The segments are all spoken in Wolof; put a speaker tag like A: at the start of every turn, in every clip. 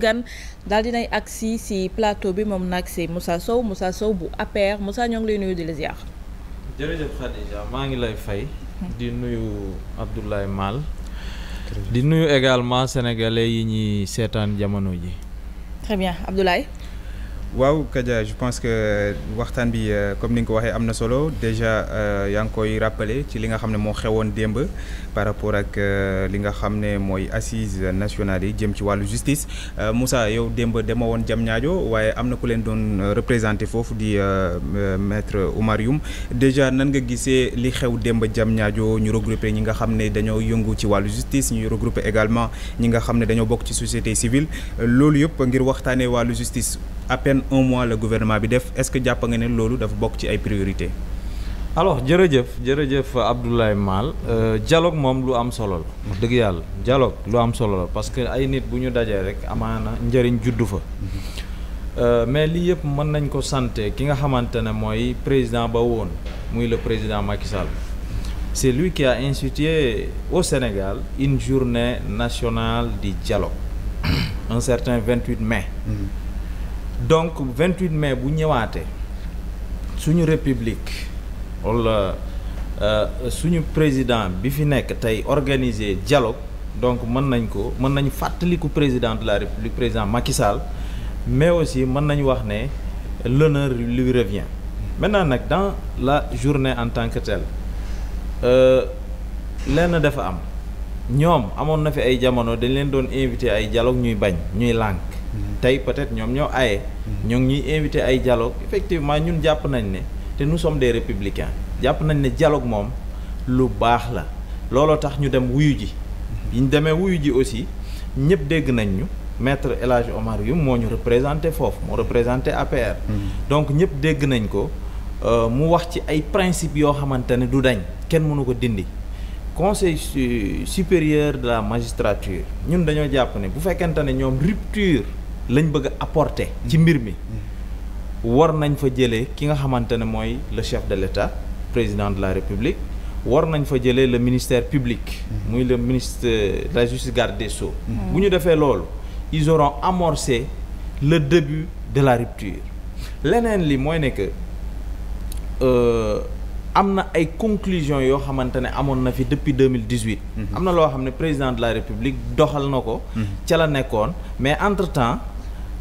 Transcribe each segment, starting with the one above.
A: Bougane daal dinay agsi ci plateau bi moom nag c'est Moussa Sow Moussa Sow bu APR Moussa ñoo ngi lay nuyu di la
B: maa ngi lay fay. Hmm. di nuyu Abdoulaye Mal. di nuyu également sénégalais yi ñuy seetaan jamono ji. waaw Kaja je pense que waxtaan bi euh, comme ni nga ko waxee am na solo déjà euh, yaa ngi koy rappeler ci li nga xam ne moo xewoon démb par rapport ak euh, li nga xam ne mooy assises national yi jëm ci wàllu justice Moussa yow démb dema woon jam ñaajo waaye am na ku leen doon représenté foofu di maître Oumar Youm déjà nan nga gisee li xew démb jam ñaajo ñu regroupé ñi nga xam ne dañoo yëngu ci wàllu justice ñu regroupé également ñi nga xam ne dañoo bokk ci société civile loolu yëpp ngir waxtaanee wàllu justice à un mois la gouvernement bi def est-ce que jàpp nga ne loolu dafa bokk ci ay priorité alors jërëjëf jërëjëf Abdoulaye Mal euh, dialogue moom lu am solo la dëgg yàlla dialogue lu am solo la parce que ay nit bu ñu dajee rek amaana njëriñ juddu fa euh, mais lii yëpp mën nañ ko santé ki nga xamante ne mooy président ba woon muy le président Macky Sall c'est lui qui a institué au Sénégal une journée nationale du dialogue un certain 28 mai mm -hmm. donc 28 mai bu ñëwaatee suñu république wala euh, suñu président bi fi nekk tey organiser dialogue donc mën nañ ko mën nañ fàttaliku président de la république président Macky mais aussi mën nañu wax ne l'honneur lui revient maintenant nag dans la journée en tant que telle euh, lenn dafa am ñoom amoon na fi ay jamono dañ leen doon invité ay dialogue ñuy bañ ñuy lànk tey peut-être ñoom ñoo aye mm-hmm. ñoo ngi ñuy invité ay dialogue effectivement ñun jàpp nañ ne te nu sommes des républicains jàpp nañ ne jaloog moom lu baax la looloo tax ñu dem wuyu ji mm-hmm. bi ñu demee wuyu ji aussi ñëpp dégg nañ ñu maître El Hadj Omar yu moo ñu représenté foofu moo représenté APR mm-hmm. donc ñëpp dégg nañ ko euh, mu wax ci ay principes yoo xamante ne du dañ kenn mënu ko dindi conseil supérieur de la magistrature ñun dañoo jàpp ne bu fekkente ne ñoom rupture lañ bëgg a ci mbir mi war nañ fa jëlee ki nga xamante ne mooy le chef de l'État président de la République war nañ fa jëlee le ministère public muy le ministre de la justice garde des sceaux mm-hmm. bu ñu defee loolu ils auront amorcé le début de la rupture leneen li mooy ne que euh, am na ay conclusions yoo xamante ne amoon na fi depuis deux mille dix huit mm-hmm. am na loo xam ne président de la république doxal na ko mm-hmm. ca la nekkoon mais entre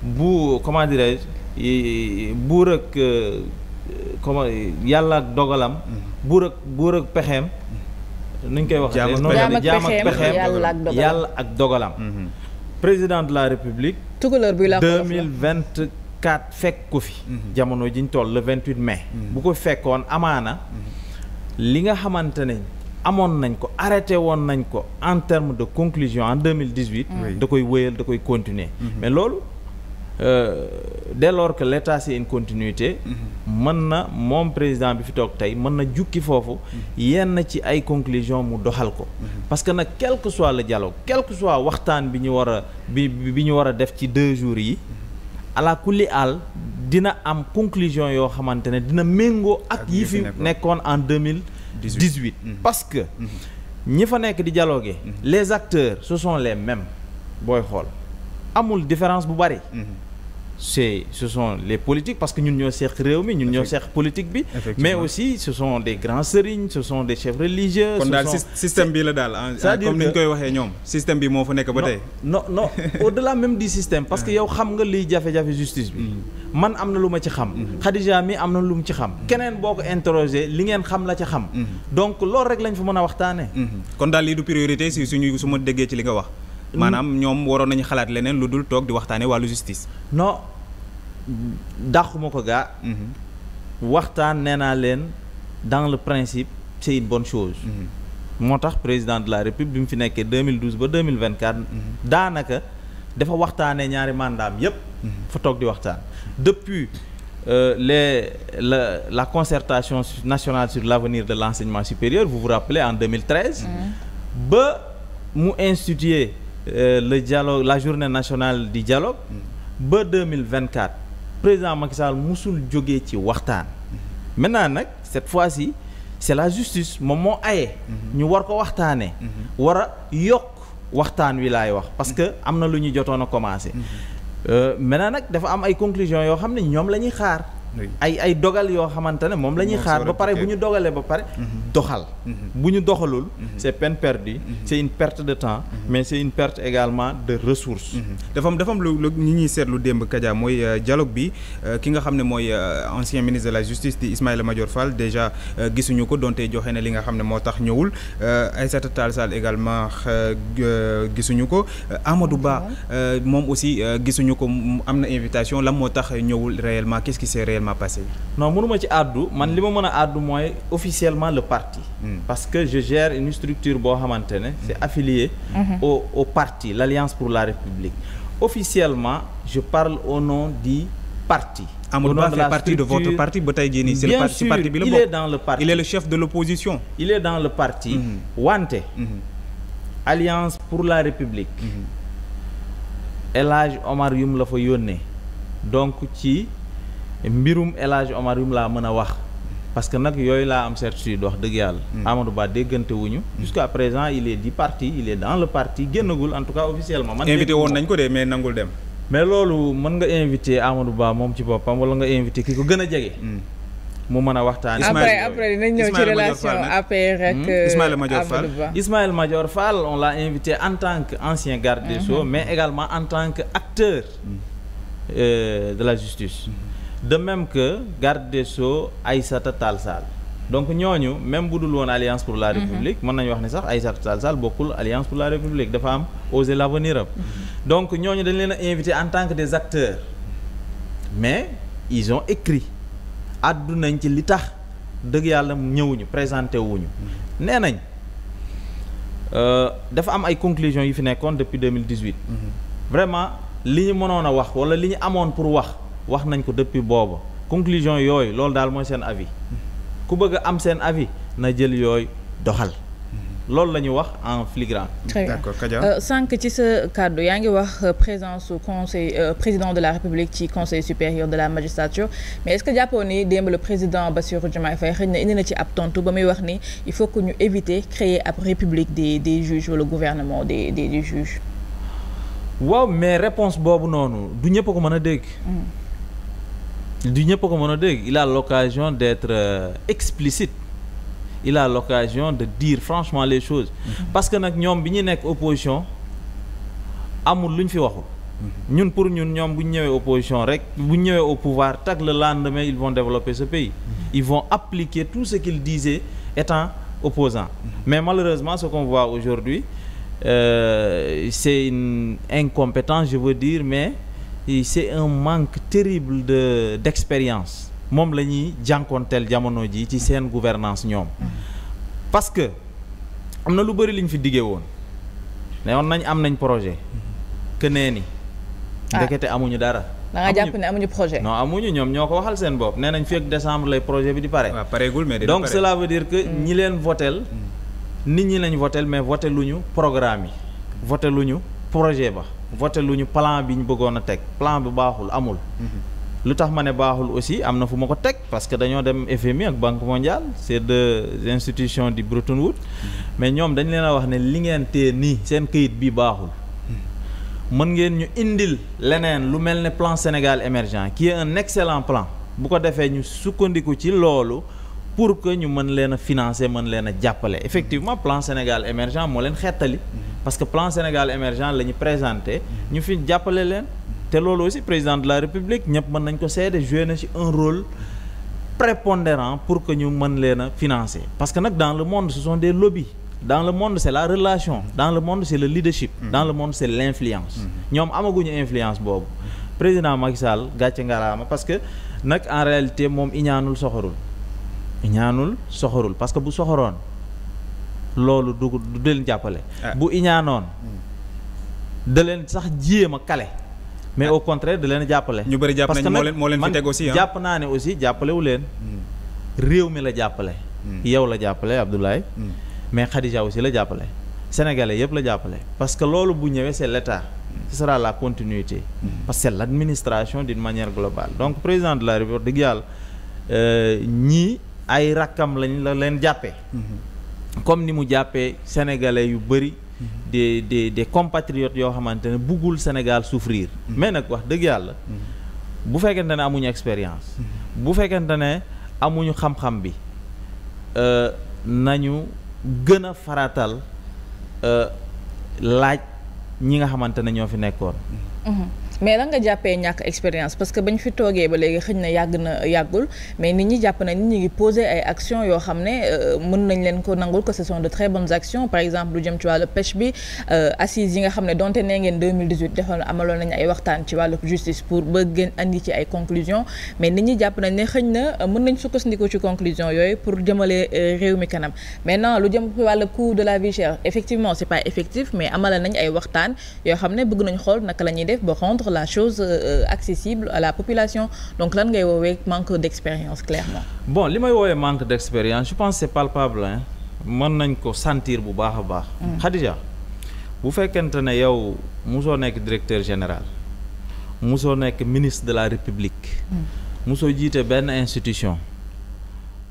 B: bu comment dirais-je buur ak euh, yàlla ak dogalam. Mm-hmm. buur ak buur ak pexeem. Mm-hmm. nuñ koy wax jaam ak pexeem yàlla ak dogalam. Mm-hmm. président de la république. tukulóor buy la 2024 fekk ko fi. jamono jiñ toll le 28 mai. bu ko fekkoon amaana. li nga xamante ne amoon nañ ko arrêté woon nañ ko en terme de conclusion en 2018. da koy wéyal da koy continuer mais loolu. Euh, dès lors que l'état c'est une continuité mm-hmm. mën na moom président bi fi toog tey mën na jukki foofu mm-hmm. yenn ci ay conclusion mu doxal ko mm-hmm. parce que nag quel que soit le dialogue quel soit waxtaan bi ñu war a bi bi ñu war a def ci deux jours yi ala kulli àll dina am conclusion yoo xamante ne dina méngoo ak yi fi nekkoon en deux mille dix-huit parce que ñi fa nekk di dialoguer les acteurs ce sont les mêmes booy xool amul différence bu bari c'est ce son les politiques parce que ñun ñoo seeq réew mi ñun ñoo seeq politique bi mais aussi ce sont des grands sëriñ ce sont des chefs religieux kon daal système bi la daal cest à ñu koy waxee ñoom système bi moo fa nekk ba tey non non au-delà même système parce que yow xam nga liy jafe-jafe justice bi mm-hmm. man am na lu ma ci xam mm-hmm. Khadija mi am na lu mu ci xam mm-hmm. keneen boo ko interroger li ngeen xam la ci xam donc loolu rek lañ fa mën a waxtaane kon daal lii du priorité si suñu su ma déggee ci li nga wax Mm. maanaam ñoom waroon nañu xalaat leneen lu dul toog di waxtaane wàllu justice. non dàquma ko gaa. Mm-hmm. waxtaan nee naa leen dans le principe c'est une chose. Mm-hmm. moo tax président de la république bi mu fi nekkee 2012 ba 2024. Mm-hmm. daanaka dafa waxtaanee ñaari mandaam yépp fa toog di waxtaan depuis. Euh, les la la concertation nationale sur l'avenir de l'enseignement supérieur vous vous rappelez en 2013. ba mu instituer Euh, le dialogue la journée nationale du dialogue mm. ba deux mille vingt quatre président Macky Sall musul jógee ci waxtaan. Mm-hmm. maintenant nag cette fois-ci c'est la justice moom moo aye. Mm-hmm. ñu war ko waxtaanee. Mm-hmm. war a yokk waxtaan wi laay wax parce que am na lu ñu jotoon a commencé. Euh, maintenant nag dafa am ay conclusions yoo xam ne ñoom lañuy xaar. ay ay dogal yoo xamante ne moom la ñuy xaar ba pare bu ñu dogalee ba pare mm-hmm. doxal mm-hmm. bu ñu doxalul mm-hmm. c'est peine perdue c'est une perte de temps mais c'est une perte également de ressources dafa am dafa am lu lu ñi ñuy seetlu démb Kaja mooy euh, dialogue bi euh, ki nga xam ne mooy euh, ancien ministre de la justice di Ismaïla major Fall déjà gisuñu ko donte joxe na li nga xam ne moo tax ñëwul Aïssata Tall Sall également gisuñu ko Amadou Ba moom aussi gisuñu ko am na invitation lan moo tax ñëwul réellement qu'est-ce qui événement passé non mënuma ci àddu man li ma mën a àddu mooy officiellement le parti hmm. parce que je gère une structure boo xamante ne c'est hmm. affilié mm. au parti l'Alliance pour la République officiellement je parle au nom di parti Amadou Ba fait partie de votre parti ba tey jii nii. bien sûr il est dans le parti il est le chef de l'opposition il est dans le parti. Hmm. wante. alliance pour la république. El Hadj Omar la fa yónnee donc ci. mbirum El Hadj Omar yu laa mën a wax parce que nag yooyu laa am certitude wax dëgg yàlla. Hmm. Amadou Ba déggante wuñu. Hmm. jusqu'à présent il est du parti il est dans le parti génnagul en tout cas officiellement. man invité woon nañ ko de mais nangul dem. mais loolu mën nga invité Amadou Ba moom ci boppam wala nga invité ki ko gën a jege. Hmm. mu mën a waxtaan. après
A: après dinañ ñëw ci relation APR ak. Euh,
B: Ismaïla Madior on l'a invité en tant que ancien garde des Sceaux mais également en tant que acteur euh, de la justice. de même que garde des Sceaux Aïssata Tall Sall donc ñooñu même bu dul woon alliance pour la mhm. république mën nañu wax ni sax Aïssata Tall Sall bokkul alliance pour la république dafa am oser l'avenir am mhm. donc ñooñu dañ leen a invité en tant que des acteurs mais ils ont écrit addu nañ ci li tax dëgg yàlla ñëwuñu présenté wuñu nee nañ euh, dafa am ay conclusions yi fi nekkoon depuis 2018 mhm. vraiment li ñu mënoon a wax wala li ñu amoon pour wax wax nañ ko depuis booba conclusion yooyu loolu daal mooy seen avis ku bëgg am seen avis na jël yooyu doxal loolu la ñu wax en flagrant. d'accord euh,
A: sànq ci sa kàddu yaa ngi wax euh, présence su conseil euh, président de la république ci conseil supérieur de la magistrature mais est-ce que jàppoon ni démb le président Bassirou Diomaye Faye xëy na indi na ci ab tontu ba muy wax ni il faut que ñu éviter créer ab république des des juges wala gouvernement des des des juges.
B: waaw mais réponse boobu noonu du ñëpp ko mën a dégg. Mm. du ñëpp ko mën a dégg il a l'occasion d'être euh, explicite il a l'occasion de dire franchement les choses mm-hmm. parce que nag ñoom bi ñu nekk opposition amul lu ñu fi waxul mm-hmm. ñun pour ñun ñoom bu ñu ñëwee opposition rek bu ñu ñëwee au pouvoir tag le lendemain ils vont développer ce pays mm-hmm. ils vont appliquer tout ce qu'ils disaient étant opposants mais malheureusement ce qu'on voit aujourd'hui euh, c'est une incompétence je veux dire mais c'est un manque terrible de d'expérience moom la ñuy jànkoonteel jamono ji ci seen gouvernance ñoom parce que am na lu bëri li fi diggee woon ne woon nañ am nañ projet que nee ni ah. ndekete amuñu dara
A: da nga jàpp ne amuñu projet non
B: amuñu ñoom ñoo ko waxal seen bopp nee nañ fi ak décembre lay projet bi di pare donc cela veut dire que mm. ñi leen votel mm. nit ñi lañ votel mais voté luñu programme yi mm. voté luñu ba voté lu ñu plan bi ñu bëggoon a teg plan bi baaxul amul. Mhm. lu tax ma ne baaxul aussi am na fu ma ko teg parce que dañoo dem mi ak Banque mondiale c'est deux institutions du Bretton mhm. mais ñoom dañ leen a wax ne li ngeen tee nii seen kayit bi baaxul. Mhm. mën ngeen ñu indil leneen lu mel ne plan Sénégal émergent qui est un excellent plan bu ko defee ñu sukkandiku ci loolu. pour que ñu mën leen a financer mën leen a jàppale effectivement plan Sénégal émergent moo leen xettali parce que plan Sénégal émergent la ñu présenté ñu fi jàppale leen te loolu aussi président de la République ñëpp mën nañ ko seede joué na ci un rôle prépondérant pour que ñu mën leen a financer parce que nag dans le monde ce sont des lobbies dans le monde c'est la relation dans le monde c'est le leadership mm-hmm. dans le monde c'est l'influence mm-hmm. ñoom amaguñu influence boobu président Macky Sall gàcce ngalaama parce que nag en moom iñaanul soxorul ñaanul soxorul parce que bu soxoroon loolu du du leen jàppale. Ah. bu iñaanoon da leen sax jéem a kale. mais ah. au contraire da leen jàppale. ñu bëri jàpp nañ moo leen moo leen fi teg aussi ah. jàpp naa ne aussi jàppale wu leen. Hmm. réew mi la jàppale. Hmm. yow la jàppale Abdoulaye. Hmm. mais Khadija aussi la jàppale. Sénégalais yëpp la jàppale parce que loolu bu ñëwee c'est l'État. ce sera la continuité. parce que c'est l'administration d'une manière globale donc président de la République dëgg yàlla euh, ñii. ay rakkam lañ la leen jàppee mm-hmm. comme ni mu jàppee sénégalais yu bëri de de des compatriotes yoo xamante ne buggul Sénégal souffrir mm-hmm. mais nag wax dëgg yàlla mm-hmm. bu fekkente ne amuñu expérience bu fekkente ne amuñu xam-xam bi euh, nañu gën a faratal euh, laaj ñi nga xamante ne ñoo fi nekkoon
A: mais lan nga jàppee ñàkk expérience parce que bañ fi toogee ba léegi xëñ na yàgg na yàggul mais nit ñi jàpp na nit ñi ngi poser ay actions yoo xam ne euh, mën nañ leen ko nangul que ce sont de très bonnes actions par exemple lu jëm ci wàllu pêche bi euh, assises yi nga xam ne donte nee ngeen 2018 defoon amaloon nañ ay waxtaan ci wàllu justice pour ba gën andi ci ay conclusions mais nit ñi jàpp nañ ne xëñ na euh, mën nañ sukkandiku ci conclusion yooyu pour jëmale réew mi kanam maintenant lu jëm ci wàllu coût de la vie chère effectivement c'est pas effectif mais amala nañ ay waxtaan yoo ne bëgg nañ xool naka la ñuy def ba rendre rendre la chose euh, accessible à la population donc lan ngay woowee manque d'expérience clairement
B: bon li may woowee manque d'expérience je pense c'est palpable hein mën nañ ko sentir bu baax a baax mm. Khadija bu fekkente ne yow musoo nekk directeur général musoo nekk ministre de la république mm. musoo jiite benn institution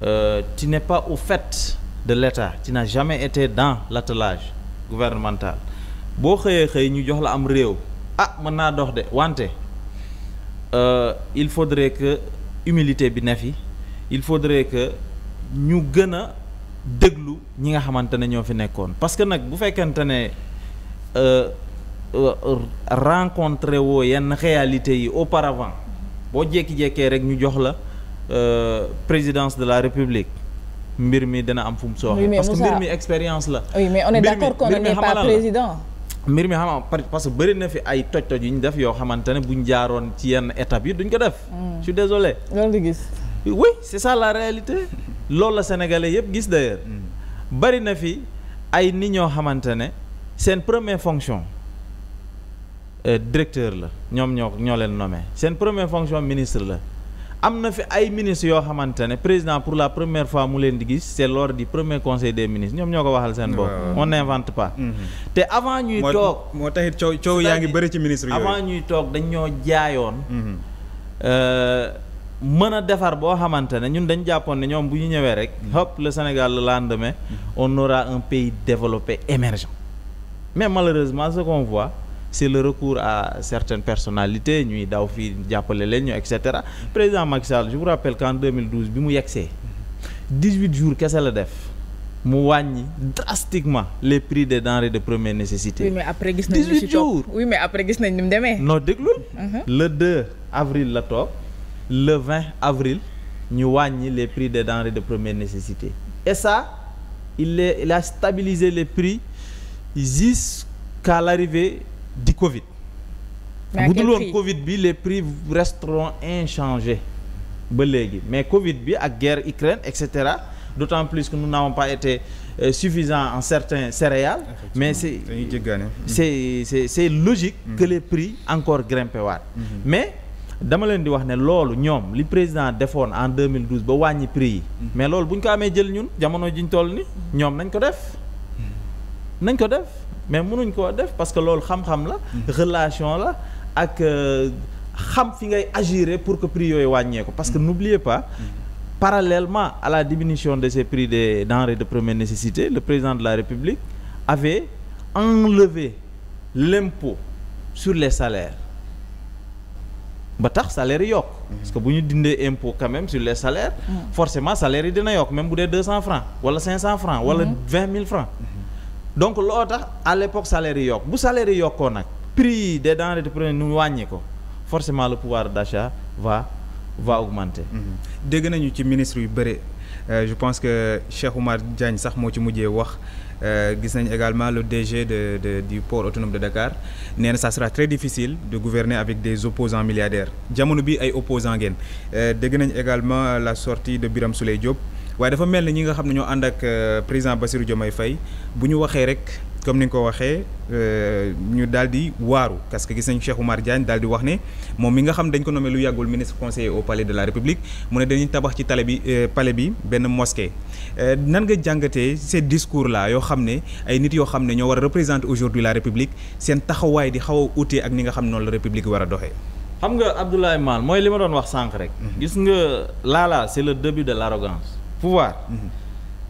B: euh, tu n'es pas au fait de l'état ci n'as jamais été dans l'attelage gouvernemental boo xëyee xëy ñu jox la am réew ah mën naa dox de wante euh, il faudrait que humilité bi ne fi il faudrait que ñu gën a déglu ñi nga xamante ne ñoo fi nekkoon parce que nag bu fekkente ne euh, rencontre woo yenn réalité yi au auparavant boo jékki-jékkee rek ñu jox la euh, présidence de la république mbir mi dana am fu mu sooxe mbir mi expérience la
A: oui mais on est
B: mbir mi xam parce que bëri fi ay toj-toj yu ñu def yoo xamante ne buñ jaaroon ci yenn étape yi duñ ko def. Mm. je suis désolé. nga gis. oui c'est ça la réalité loolu la sénégalais yëpp gis d'ailleurs mm. bëri na fi ay ni ñoo xamante ne seen première fonction euh, directeur la ñoom ñoo ñoo leen nommé seen première fonction ministre la. am na fi ay ministres yoo xamante ne président pour la première fois mu leen di gis c' est lors du premier conseil des ministres ñoom ñoo ko waxal seen bopp. on n' vent pas. Mm-hmm. te avant ñuy toog moo taxit coow coow yaa ngi bëri ci ministre yooyu avant ñuy toog dañ ñoo jaayoon. Mm-hmm. Euh, mën a defar boo xamante ne ñun dañ jàppoon ne ñoom bu ñu ñëwee rek. Mm-hmm. hop le Sénégal le lendemain. on aura un pays développé émergent mais malheureusement ce qu'on voit. c'est le recours à certaines personnalités ñuy daw fii jàppale leen ñu et cetera président Macky Sall je vous rappelle qu'en 2012 bi mu yegsee 18 jour kese la def mu wàññi drastiquement les prix des denrées de première nécessité. oui
A: mais après gis nañ mais après gis nañ demee.
B: non déglul. Mhm. le 2 avril la toog le 20 avril ñu wàññi les prix des denrées de première nécessité. et ça il est il a stabilisé les prix jusqu'à l'arrivée di Covid. bu dul woon Covid bi les prix resteront inchangés ba léegi mais Covid bi ak guerre Ukraine et cetera d'autant plus que nous n'avons pas été euh, en certains céréales. mais c'est c'est c'est c'est logique. Mm. que les prix encore grimpé waat. Mm-hmm. mais dama leen di wax ne loolu ñoom li président defoon en 2012 ba wàññi prix yi. Mm-hmm. mais loolu bu ñu ko amee jël ñun jamono ji ñu toll ni ñoom nañ ko def. nañ ko def. mais mënuñ koo def parce que loolu xam-xam la. Mm. relation la ak euh, xam fi ngay agir pour que prix yooyu wàññeeku. parce que mm. n'oubliez pas. Mm. parallèlement à la diminution de ces prix des denrées de première nécessité le président de la République avait enlevé l'impôt sur les salaires ba tax salaire yokk mm-hmm. parce que bu ñu dindee impôt quand même sur le salaires forcément salaire yi dina yokk même bu dee deux cent francs wala cinq cent francs wala mm-hmm. vingt mille francs mm-hmm. donc loo tax à l'époque salaire yi yokk bu salaire yokkoo nag prix des denrées de première ñu wàññi ko forcément la pouvoir dacha va va augmenter. Mm-hmm. dégg nañu ci ministre yu bëre euh, je pense que Cheikh Oumar Diagne sax moo ci mujjee wax euh, gis nañ également le DG de, de du port autonome de Dakar nee na très difficile de gouverner avec des opposants milliardaires jamono bi ay opposants ngeen euh, dégg nañ également la sortie de biram Souleye Diop. waaye dafa mel ni ñi nga xam ne ñoo ànd ak euh, président Bassirou Diomaye Faye bu ñu waxee rek comme ni nga ko waxee euh, ñu daal di waaru parce que gis nañu Cheikh Oumar Diagne daal di ne moom mi nga xam dañ ko nommé lu yàggul ministre conseiller au de la République mu ne dañuy tabax ci tale bi euh, palais bi benn mosquée. nan nga jàngatee ces discours là yoo xam ne ay nit yoo xam ne ñoo war a représenter aujourd'hui la République seen taxawaay di xaw ak ni nga xam noonu la République war a xam nga Abdoulaye Mal mooy li ma doon wax sànq rek. Mhm. gis nga laala c'est le début de l'arrogance pouvoir mhm.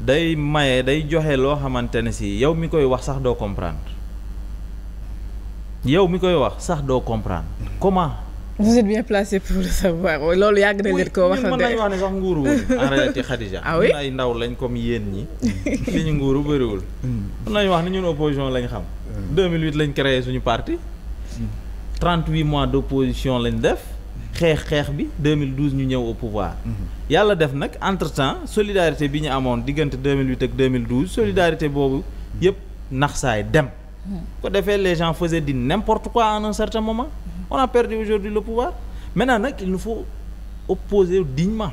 B: day maye day joxe loo xamante ne si yow mi koy wax sax doo comprendre yow mi koy wax sax doo comprendre mhm. comment.
A: vous êtes bien placé pour oh, loolu yàgg na leen ko wax. mën nañu wax ne
B: sax nguuru wul en réalité Khadija. ah oui ay ndaw lañ comme yéen ñi. li ñu nguuru bëriwul. mën mhm. nañu wax ne ñun opposition lañ xam. 2008 lañ créé suñu parti. 38 mois d' opposition lañ def. xeex xeex bi 2012 ñu ñëw au pouvoir. Mhm. yàlla def nag entre temps solidarité bi ñu amoon diggante 2008 ak 2012 solidarité boobu yëpp naxsaay dem. Mhm. ko defee les gens faisaient di n'importe quoi en un certain moment. Mhm. on a perdu aujourd'hui le pouvoir maintenant nag il nous faut opposer dignement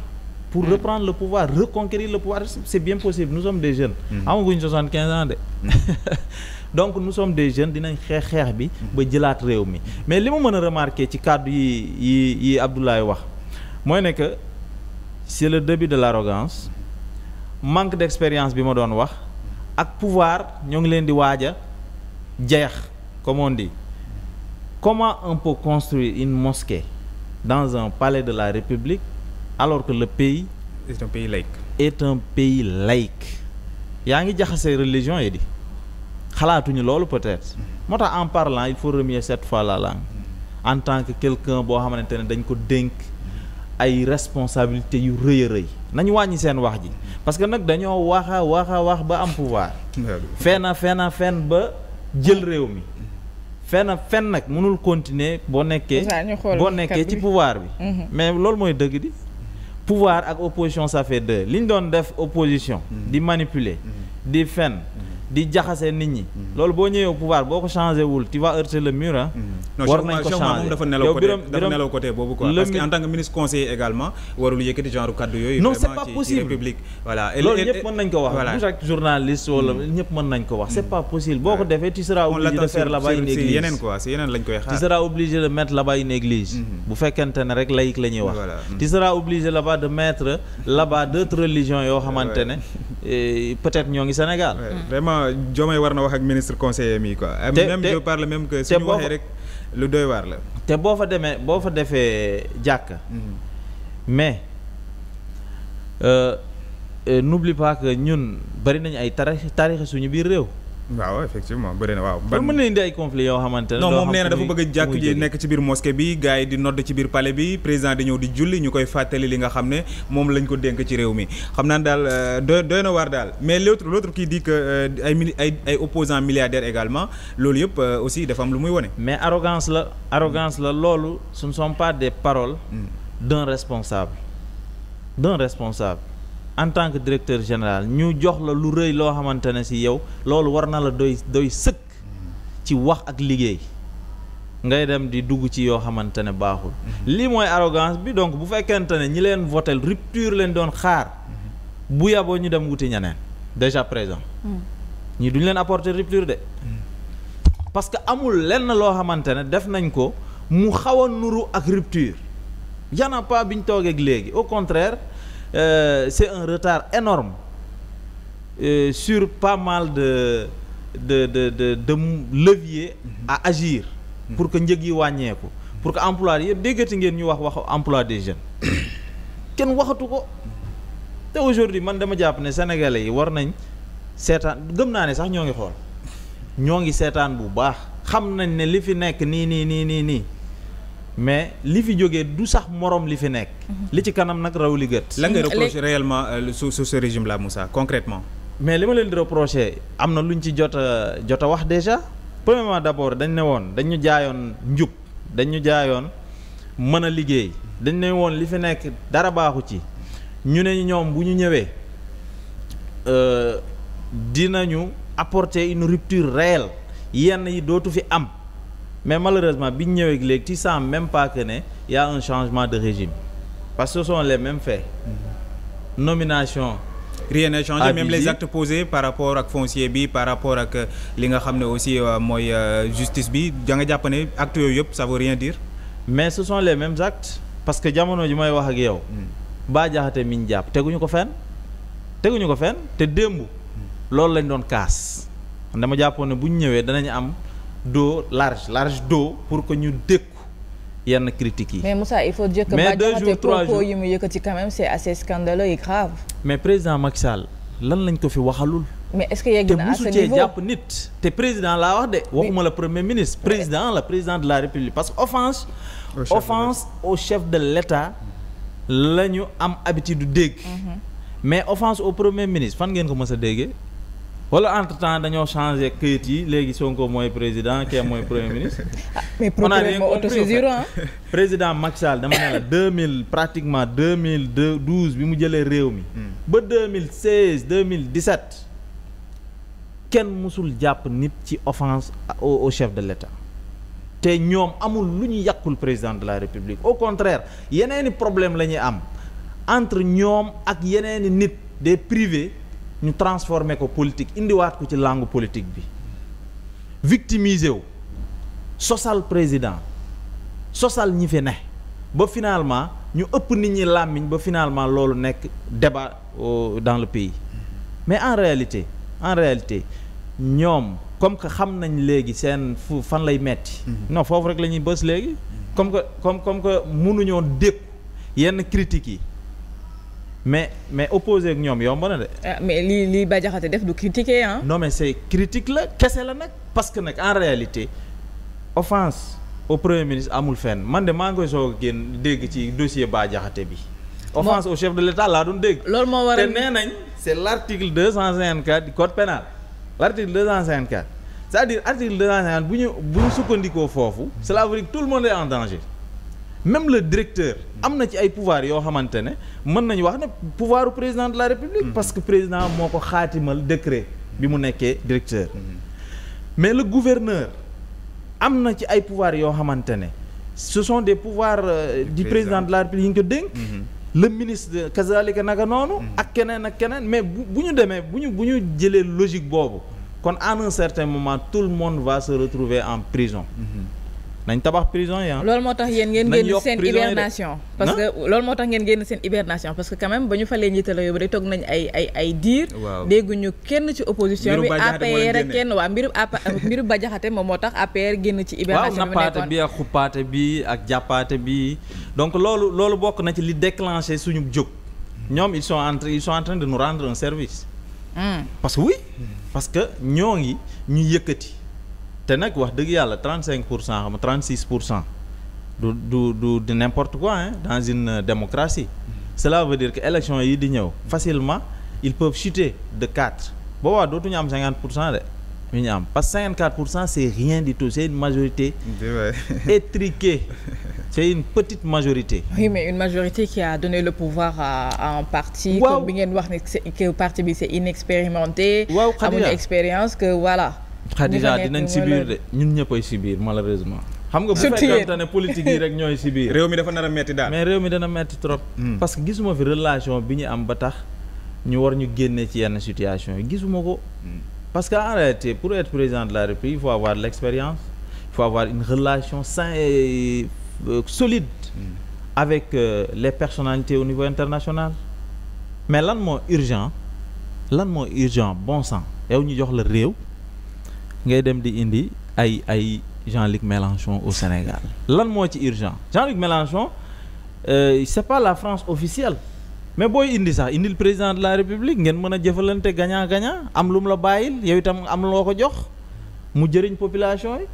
B: pour mmh. reprendre le pouvoir reconquérir le pouvoir c'est bien possible nous sommes des jeunes. amaguñ soixante quinze ans de. donc nous sommes des jeunes dinañ xeex xeex bi ba jëlaat réew mi mais li ma mën a remarqué ci kàddu yi yi yi Abdoulaye wax mooy ne que c'est le début de l'arrogance manque d'expérience bi ma doon wax ak pouvoir ñoo ngi leen di waaja a jeex comme comment un peut construire une mosquée dans un palais de la République alors que le pays est un pays laïque est un pays laïque yaa ngi jaxase religion yi di xalaatuñu loolu peut-être moo tax en parlant il faut remier cette fois la langue en tant que quelqu'un boo xamante ne dañ ko dénk ay responsabilité yu rëy a rëy nañu wàññi seen wax ji parce que nag dañoo wax a wax a wax ba am pouvoir fenn fenn fenn ba jël réew mi fenn fenn nag mënul continuer boo nekkee boo nekkee ci pouvoir bi mhm. mais loolu mooy dëgg di pouvoir ak opposition ça fait deux li ñu doon def opposition mhm. di manipuler mhm. di fen di jaxase nit ñi. Mm-hmm. loolu boo ñëwee pouvoir boo ko changé wul ti vas heurter le mur ah. mm-hmm. war nañ ko changé dafa nelaw côté dafa nelaw côté boobu parce que en tant ministre conseiller également warul yëkkati genre kaddu yooyu. non c'est pas possible loolu ñëpp mën nañ ko wax. voilà chaque journaliste wala mm-hmm. ñëpp mën nañ ko wax. c'est pas possible boo ko defee tu seras obligé de faire là-bas une église bu fekkente ne rek laïque la wax. tu seras obligé là de mettre là-bas d'autres yoo xamante ne peut-être ñoo ngi Sénégal vraiment vraiment war na wax ak ministre conseiller mi quoi. te même je parle même que suñu waxee rek lu doy waar la. te boo fa demee boo fa defee jàkk mhm. mais euh, euh, n'oublie pas ñun bari nañu ay tarix tarix suñu biir réew. waaw effectivement bëri na waaw. ba mën na indi ay conflits yoo xamante ne. non moom nee dafa bëgg jàkk ji nekk ci biir mosquée bi gars yi di nodd ci biir pale bi président di ñëw di julli ñu koy fàttali li nga xam ne moom lañ ko dénk ci réew mi. xam naa daal euh, doy doy na waar daal mais l' autre l' autre qui dit que euh, ay mili ay ay opposants milliardaires également loolu yëpp euh, aussi dafa am lu muy wone. mais arrogance la. arrogance la loolu ce ne sont pas des paroles. Hmm. d' un responsable d' en tant que directeur général ñu jox la lu rëy loo xamante ne si yow loolu war na la doy doy sëkk ci wax ak liggéey ngay dem di dugg ci yoo xamante ne baaxul. Mm-hmm. lii mooy arrogance bi donc bu fekkente ne ñi leen votel rupture leen doon xaar mm-hmm. bu yaboo ñu dem wuti ñeneen déjà présent. Mm. ñi duñ leen apporter rupture de. Mm. parce que amul lenn loo xamante ne def nañ ko mu xaw a nuru ak rupture. yana pas biñ toogeeg léegi au contraire. euh, c'est un retard énorme euh, sur pas mal de de de de de leviers à agir pour que njëg yi wàññeeku pour que emploi yëpp déggati ngeen ñu wax wax emploi des jeunes kenn waxatu ko te aujourd'hui man dama jàpp ne sénégalais yi war nañ seetaan gëm naa ne sax ñoo ngi xool ñoo ngi seetaan bu baax xam nañ ne li fi nekk nii nii nii nii nii mais li fi jógee du sax morom li fi nekk. Mhm. li ci kanam nag raw li gët. lan nga reproché réellement euh, sous sous ce régime là Moussa concrètement mais li ma leen di reproché am na lu luñ ci jot a jot a wax déjà premièrement d'abord dañ ne woon dañ ñu jaayoon njub dañ ñu jaayoon mën a liggéey dañ ne woon li fi nekk dara baaxu ci ñu ne ñoom bu ñu ñëwee euh, dinañu apporter une rupture réelle yenn yi dootu fi am. mais malheureusement bi ñu ñëwee léegi tu sens même pas que ne y a un changement de régime parce que ce sont les mêmes faits nomination. rien n'a changé même les actes posés par rapport ak foncier bi par rapport ak euh, li nga xam ne aussi euh, mooy euh, justice bi da nga jàpp ne actes yëpp ça rien dire. mais ce sont les mêmes actes parce que jamono ji may wax ak yow. Hmm. Bah Diakhaté mi ñu jàpp teguñu ko fenn teguñu ko fen te démb. Hmm. loolu lañ doon kaas dama jàppoon ne bu ñu ñëwee danañ am. do large large do pour que ñu dékku yenn critiques yi.
A: mais Moussa il faut dire que. mais deux jours trois jours yi mu yëkkati quand c'est assez scandaleux et grave.
B: mais président Macky lan lañ ko fi waxalul.
A: mais est-ce que na à ce jàpp
B: nit. te président laa wax de. waxuma la premier ministre. Euh, président la président de la république parce que offense. offense au chef de l'État la ñu am habitude dégg. Mhm. mais offense au premier ministre fan ngeen ko mës a déggee. wala entre temps dañoo changé këyit yi léegi Sonko mooy président kii mooy premier ministre.
A: Ah,
B: président Macky Sall dama ne deux mille pratiquement deux mille douze bi mu jëlee réew mi. Hmm. ba deux mille seize deux mille dix sept kenn mosul jàpp nit ci offense au au chef de l' te ñoom amul lu ñu yàqul président de la république au contraire yeneeni problème la ñuy am entre ñoom ak yeneeni nit des privés. ñu transformer ko politique indiwaat ko ci langue politique bi victimiser wu sosal président sosal ñi fi ne ba finalement ñu ëpp nit ñi làmmiñ ba finalement loolu nekk débat euh, dans le pays mais en réalité en réalité ñoom comme que xam nañ léegi seen fu fan lay metti mhm. non foofu rek la ñuy bës léegi comme que comme comme que mënuñoo dékku yenn critiques yi mais mais opposé ak ñoom yomb na de. Ah, mais li li Bah def du critiquer ah. non mais c'est critique la kese la nag parce que nag en réalité offense au premier ministre amul fenn man de maa ngi koy soog génn dégg ci dossier Bah bi. offense au chef de l'État laa doon dégg. loolu moo waral te nee nañ c'est l'article deux cent cinquante code pénal l'article deux cent cinquante-quatre c'est-à-dire article deux cent cinquante bu ñu bu ñu sukkandikoo foofu cela veut dire tout le monde est en même le directeur am na ci ay pouvoir yoo xamante ne mën nañu wax ne pouvoir président de la république parce que président moo ko xaatimal décret bi mu nekkee directeur mais la gouverneur am na ci ay pouvoir yoo xamante ne ce sont des pouvoirs euh, du président de la république yi ñu ko dénk mhm. le ministre kazalika naka noonu mhm. ak keneen ak keneen mais bu bu ñu demee bu ñu bu ñu jëlee logique boobu kon en un certain moment tout le monde va se retrouver en prison mhm. nañ tabax prison yi ah. loolu
A: moo tax yéen ngeen génn seen hibernation parce que loolu moo tax ngeen génn seen hibernation parce que quand même ba ñu falee njiital réew bi day toog nañ ay ay ay diir.
B: dégguñu kenn ci opposition bi. APR ak kenn
A: waa mbiru APR mbiru Bah moom moo tax APR génn ci. hibernation bi mu nekkoon waaw nappaate bi
B: ak xuppaate bi ak jàppaate bi donc loolu loolu bokk na ci li déclenché suñu jóg. ñoom ils sont en ils sont en train de nous rendre un service. Hmm. parce parce que ñoo ngi ñu yëkkati. te nag wax dëgg yàlla trente cinq pour cent xam trente six pour cent du du du du n'importe quoi hein dans une euh, démocratie mm. cela veut dire que élection yi di ñëw facilement ils peuvent chuter de quatre boobaa dootuñu am cinquante pour cent de ñu ñu am parce que cinquante quatre pour cent c'est rien du tout c'est une majorité étriquée c'est une petite majorité.
A: oui mais une majorité qui a donné le pouvoir à, à un parti. waaw bi ngeen wax ne que parti bi c'est inexpérimenté. waaw amuñu expérience que voilà.
B: Khadija dinañ si biir de ñun ñëppay si biir malheureusement. xam nga bu fekkente ne politique yi rek ñooy si biir. réew mi dafa nar a metti daal. mais réew mi dana metti trop. Hmm. parce que gisuma fi relation bi ñu am ba tax ñu war ñu génne ci yenn situation yi gisuma ko. Hmm. parce que en pour être président de la République il faut avoir l'expérience il faut avoir une relation saine euh, solide. Hmm. avec euh, les personnalités au niveau international mais lan moo urgent lan moo urgent bon sang yow ñu jox la réew. ngay dem di indi ay ay Jean-Luc Mélenchon au Sénégal lan moo ci urgent Jean-Luc Mélenchon euh, c'est pas la France officielle mais booy indi sax indil président de la République ngeen mën a jëfalante gagnant gaña am lu mu la bàyyil yow itam am loo ko jox mu jëriñ population yi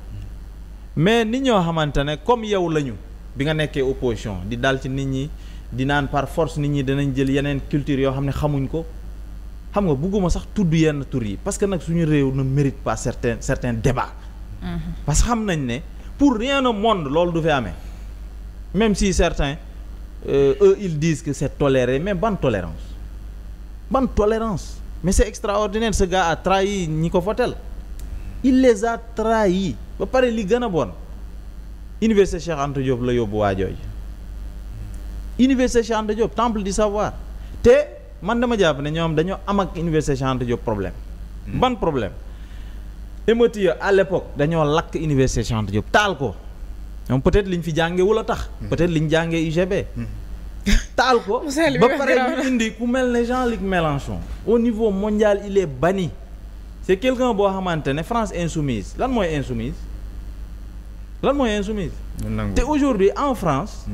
B: mais nit ñoo xamante ne comme yow lañu bi nga nekkee opposition di dal ci nit ñi di naan par force nit ñi danañ jël yeneen culture yoo xam ne xamuñ ko xam nga bugguma sax tudd yenn tur yi parce que nag suñu réew ne mérite pas certains certains débats mhm. parce que xam nañ ne pour rien au monde loolu du fi amee même si certains euh, eux ils disent que c'est toléré mais ban tolérance ban tolérance mais c'est extraordinaire ce gars a trahi ñi ko fotel il les a yi ba pare li gën a bon université Cheikh Anta la yóbbu waa jooju université Cheikh Anta temple du savoir te man dama jàpp ne ñoom dañoo am ak université Cheikh Anta Diop problème. Hmm. ban problème émeutes ya à l'époque dañoo lakk université Cheikh Anta Diop taal ko ñoom peut-être liñ fi jànge wala tax. Hmm. peut li ñu jàngee hmm. UGB. taal ko ba pare ñu indi ku mel ne Jean-Luc Mélenchon au niveau mondial il est banni c'est quelqu'un boo xamante ne France insoumise lan mooy insoumise lan mooy insoumise te aujourd'hui en France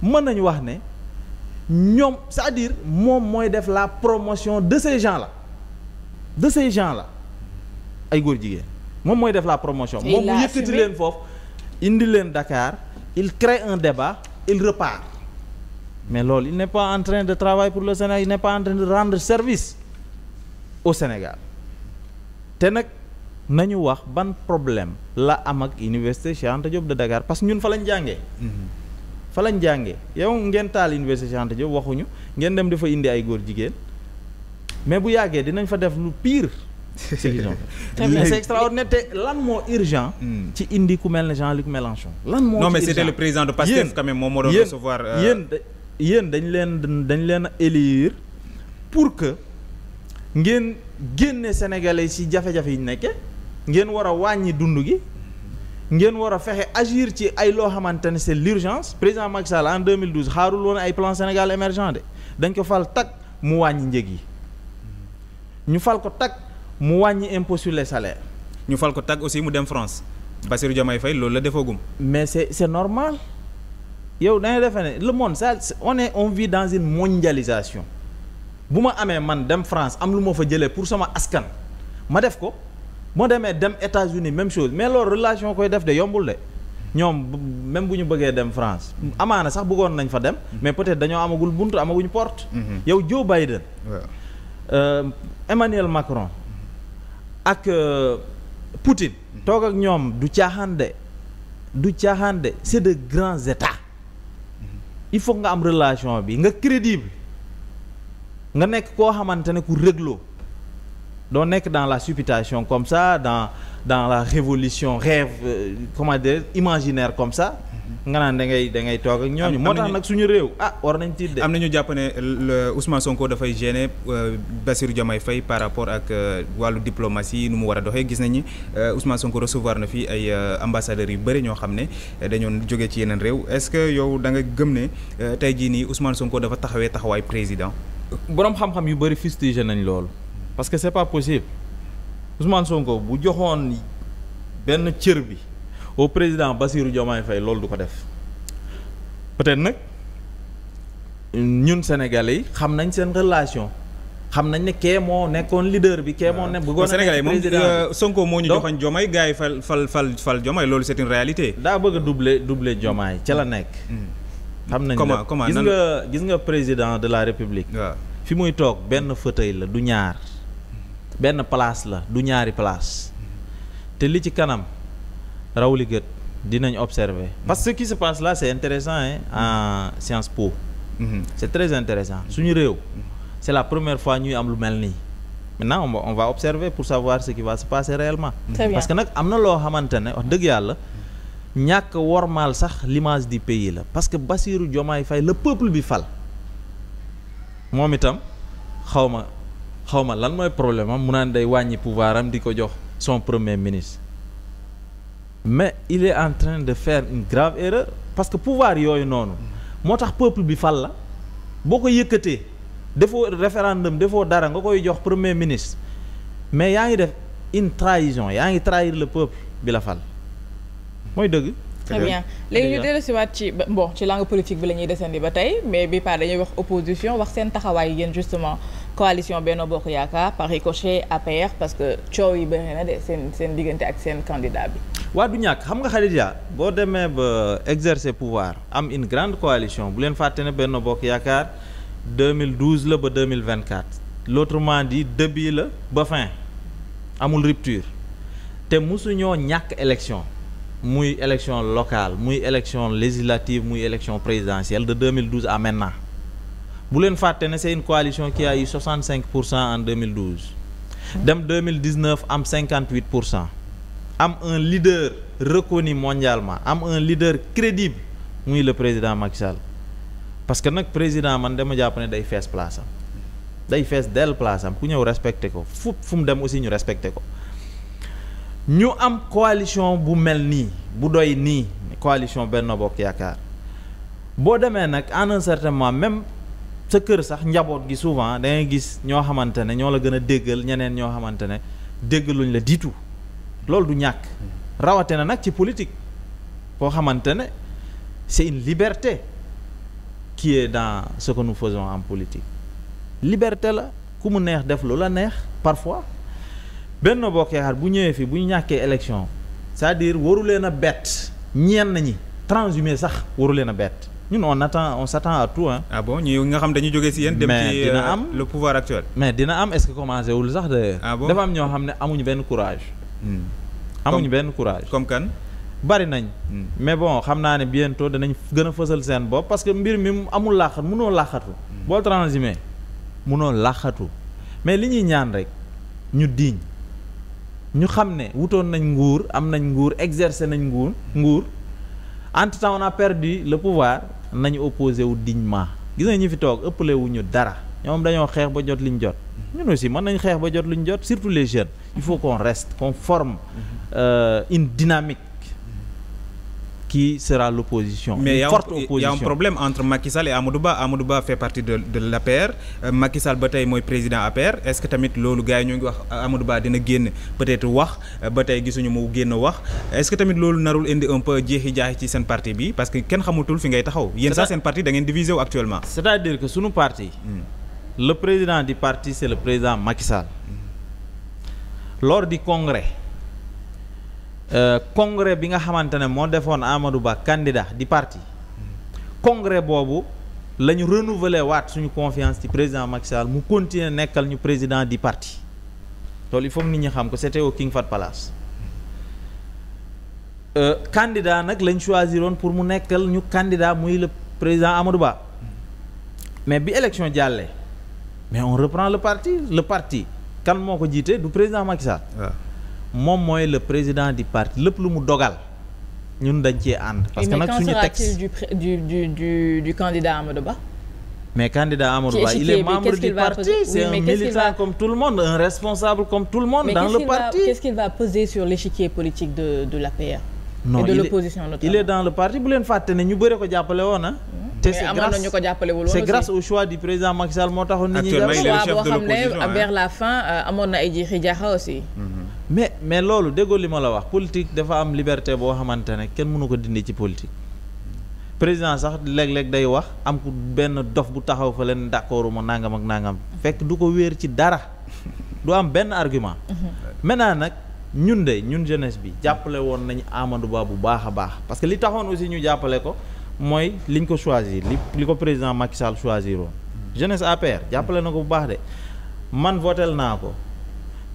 B: mën nañu wax ne ñoom c'est-à-dire moom mooy def la promotion de ces gens la de ces gens-là ay góor jigéen moom mooy def la promotion moom mu yëkkati leen foofu indi leen dakaar il crée un débat il repart mais loolu il ne pas en de travailler pour le Sénégal il n'est pas en de rendre service au Sénégal te nag nañu wax ban problème la am ak université Cheikh Anta Diop de Dakar parce que ñun fa lañ jàngee mhm. fa lañ jàngee yow ngeen taal université Cheikh Anta Diop waxuñu ngeen dem dafa indi ay góor jigéen mais bu yàggee dinañ fa def lu pire. c'est extraordinaire te lan moo urgent. Hmm. ci indi ku mel ne Jean-Luc Mélenchon. lan moo non mais c'était le président de Pastef quand même moom moo doon recevoir. Euh, yéen yéen dañ leen dañ leen a élire pour que ngeen génne Sénégalais ci jafe-jafe yi nekke ngeen war a wàññi dund gi. ngeen war a fexe agir ci ay loo xamante ne c'est l'urgence président Macky Sall en 2012 xaarul woon ay plan Sénégal émergent de dañ ko fal tag mu wàññi njëg yi ñu fal ko tag mu wàññi impôt sur ñu fal ko tag aussi mu dem France Bassirou Diomaye fay loolu la defoogum. mais c'est c'est normal yow da nga defee ne le monde ça on est on vit dans une mondialisation bu ma amee man dem France am lu ma fa jëlee pour sama askan ma def ko. boo demee dem États-Unis même chose mais loolu relation koy def de yombul de ñoom même bu ñu bëggee dem France amaane sax bëggoon nañ fa dem mhm. mais peut-être dañoo amagul bunt amaguñu porte mhm. yow Joe Biden euh, Emmanuel Macron ak euh, Poutine mhm. toog ak ñoom du caaxaan de du caaxaan de c'est de grands états il faut nga am relation bi nga crédible nga nekk koo xamante ne ku régloo doo nekk dans la supputation comme ça dans dans la révolution rêve euh, comment dire imaginaire comme ça nga naan da ngay da ngay toog ak ñooñu moo tax nag suñu réew ah war nañ tiit de am nañu jàpp ne Ousmane Sonko dafay gêner euh, Bassirou Diomaye Faye par rapport ak euh, wàllu diplomatie nu mu war a doxee gis nañu euh, Ousmane Sonko recevoir na fi ay ambassadeurs yu bëri ñoo xam ne dañoo jóge ci yeneen réew est-ce que yow da nga gëm ne tey jii nii Ousmane Sonko dafa taxawee taxawaay président boroom xam yu bëri fustigé nañ loolu parce que c'est pas possible Ousmane Sonko bu joxoon benn cër bi au président Bassirou Diomaye Faye loolu du ko def peut-être nag ñun sénégalais yi xam nañ seen relation xam nañ ni kee moo nekkoon lider bi kee moo ne ah. sénégal yi moom euh, Sonko moo ñu joxoon Diomaye gars yi fal fal fal fal Diomaye loolu c'est réalité daa bëgg a doubler doubler Diomaye ca la nekk mm. xam nañ comment comment gis nga gis nga président de la république fi muy toog benn fauteuil la du ñaar benn place la du ñaari place te li ci kanam raw li gët dinañ observer parce que ce qui se passe là c'est intéressant hein en Sciences Po mhm. c'est très intéressant suñu réew c'est la première fois ñuy am lu mel nii maintenant on va observer pour savoir ce qui va se passer réellement parce que nag am na loo xamante ne wax dëgg yàlla ñàkk wormaal sax l'image di pays la parce que jomaay fay Faye le peuple bi fal moom itam xawma xaw ma lan mooy problème am mu naan day wàññi pouvoir am di ko jox son premier ministre mais il est en train de fair une grave erreur parce que pouvoir yooyu noonu moo tax peuple bi fal la boo ko yëkkatee defoo référendum defoo dara nga koy jox premier ministre mais yaa ngi def une trahison yaa ngi trahir le peuple bi la fal mooy dëgg très bien léegi ñu dellu
A: si waat ci bon ci langue politique bi la ñuy desandi ba tey mais bi par dañuy wax opposition wax seen taxawaay yéen justement coalition Benno Bokk Yaakaar par ricochet APR parce que coow yi bëri na de seen seen diggante ak seen candidat
B: bi. waa du ñàkk xam nga Khadija boo demee ba exerce pouvoir am une grande coalition bu leen fàtte ne Benno Bokk Yaakaar 2012 la ba 2024 di dit début la ba fin amul rupture te mosuñoo ñàkk élection muy élection locale muy élection législative muy élection présidentielle de 2012 à maintenant. bu leen fàtte ne c'est une coalition qui a eu 65 pour cent en 2012 dem 2019 am 58 pour cent am un leader reconnu mondialement am un leader crédible muy le président Macky Sall parce que nag président man dama jàpp ne day fees place am day fees dell place am ku ñëw respecté ko fu fu mu dem aussi ñu respecté ko ñu am coalition bu mel nii bu doy nii coalition Benno Bokk Yaakaar boo demee nag en un certain moment sa kër sax njaboot gi souvent da gis ñoo xamante ne ñoo la gën a déggal ñeneen ñoo xamante ne déggaluñ la diitu loolu du ñàkk rawate na nag ci politique boo xamante ne c'est une liberté qui dans ce faison nous en politique liberté la ku mu neex def lu la neex parfois benn bokk yaakaar bu ñëwee fii bu ñu ñàkkee élection sa à dire waru leen a bett ñenn ñi transhumé sax waru leen a bett ñun on attend on s'attend à tout hein. ah bon nga xam dañu jógee si yéen. dem ci dina euh, am le pouvoir actuel. mais dina am est-ce que commencé wul sax ah dafa am ñoo xam ne amuñu benn courage. Hmm. amuñu benn courage. comme bari nañ. Hmm. mais bon xam naa ne bientôt danañ gën a fësal seen bopp parce que mbir mi amul laaxat munoo laaxatu. Hmm. boo transhumé munoo laaxatu mais li ñuy ñaan rek ñu diiñ ñu xam ne wutoon nañ nguur am nañ nguur exercer nañ nguur nguur. entre temps na a perdu le pouvoir nañu opposé wu dignement gis nga ñi fi toog ëpple wu ñu dara ñoom dañoo xeex ba jot li ñu jot ñun aussi mën nañ xeex ba jot lu ñu jot surtout les jeunes il faut qu'on reste qu'on forme euh, une dynamique qui sera l'opposition. Mais il y, problème entre Macky Sall et Amadou Ba Amadou Ba fait partie de de l'APR euh, Macky Sall ba tey mooy président APR est-ce que tamit loolu gars yi ñoo ngi wax Amadou Ba dina génn peut-être wax euh, ba tey gisuñu mu génn wax est-ce que tamit loolu narul indi un peu jeexi jaaxi ci seen parti bi parce que kenn xamatul fi ngay taxaw. yéen sax seen parti da ngeen divisé wu actuellement. c'est-à-dire que sunu parti. Hmm. le président du parti c'est Euh, congrès bi nga xamante ne moo defoon Amadou Ba candidat di parti congrès boobu la ñu renouveler waat suñu confiance ci président Macky mu continuer nekkal ñu président di parti loolu il faut nit ñi xam ko c'était au King Fahd Palace euh, candidat nag lañ choisiroon pour mu nekkal ñu candidat muy le président Amadou Ba mais bi élection jàllee mais on reprend le parti le parti kan moo ko jiite du président Macky moom mooy le président du parti lépp lu mu dogal ñun dañ cee ànd. parce que nag suñu texte
A: du du du du du candidat Amadou Ba.
B: mais candidat Amadou Ba il est membre du parti dans le parti mais qu'est-ce
A: qu'il va sur l'échiquier politique de
B: de l'APR. non il est dans le parti bu leen fàtte ne ñu bëri ko jàppale woon ah. Hmm. te c'est grâce ñu ko jàppale au choix du président Macky moo taxoon. nit ñi jàpp actuellement il est le chef de boo
A: xam ne euh, amoon na ay jiixi jaaxa aussi.
B: Mm-hmm. mais mais loolu déggoo li ma la wax politique dafa am liberté boo xamante ne kenn mënu ko dindi ci politique président sax léeg-léeg day wax am ku benn dof bu taxaw fa leen d'accord ma nangam ak nangam fekk du ko wéer ci dara du am benn argument. Mhm. maintenant nag ñun de ñun jeunesse bi jàppale woon nañu Amadou Ba bu baax a baax parce que li taxoon aussi ñu jàppale ko mooy li ñu ko choisir li li ko président Macky Sall choisir woon. Mhm. jeunesse APR jàppale na ko bu baax de man votel naa ko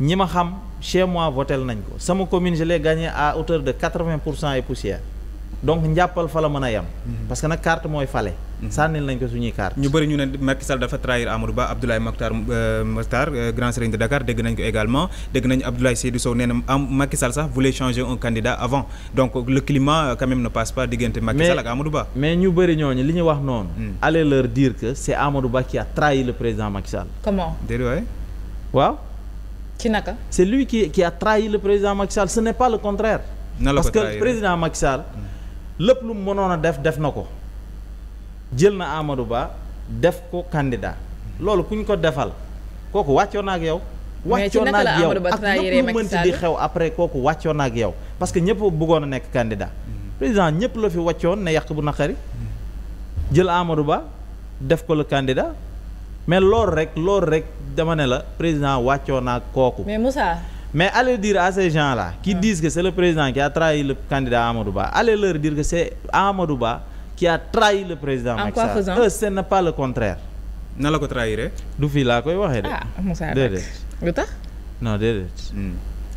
B: ñi ma xam. chez moi votel nañ ko sama commune je l'ai gagné à hauteur de quatre-vingts pour cent et poussière donc njàppal fa la mën a yem. Mhm. parce que nag carte mooy fale. Mhm. sànnil nañ ko suñuy carte ñu bëri ñu ne Macky Sall dafa trahir Amadou Ba Abdoulaye Mokhtar euh, Mokhtar euh, grand serigne de Dakar dégg nañ ko également dégg nañ Abdoulaye Seydou Sow nee am Macky sax voulait changer un candidat avant donc le climat euh, quand même ne diggante Macky Sall ak Amadou Ba. mais ñu bëri li ñu wax noonu. Hmm. allez leur dire que c'est Amadou Ba ci naka c'est lu qui ki a trahi le président Macky Sall ce n'est pas le contraire. parce que le président Macky Sall. lépp lu mu mënoon a def def na ko jël na Amadou Ba def ko candidat loolu ku ñu ko defal kooku wàccoon na ak yow. wàccoon na ak yow ak lépp lu mënti di xew après kooku wàccoon ak yow parce que ñëpp bëggoon a nekk candidat. président ñëpp la fi wàccoon ne yàq bu naqari jël Amadou Ba def ko le candidat. mais loolu rek loolu rek dama ne la président wàccoo naa kooku. mais Moussa. mais allez dire à ces gens là. qui disent que c' le président qui a trahi le candidat Amadou Ba allez leur dire que c' est a trahi le président. en quoi faisant Macky pas le contraire. na la ko trahiré. du fii laa koy waxee de.
A: ah Moussa déedéet lu tax.
B: non déedéet. Hmm.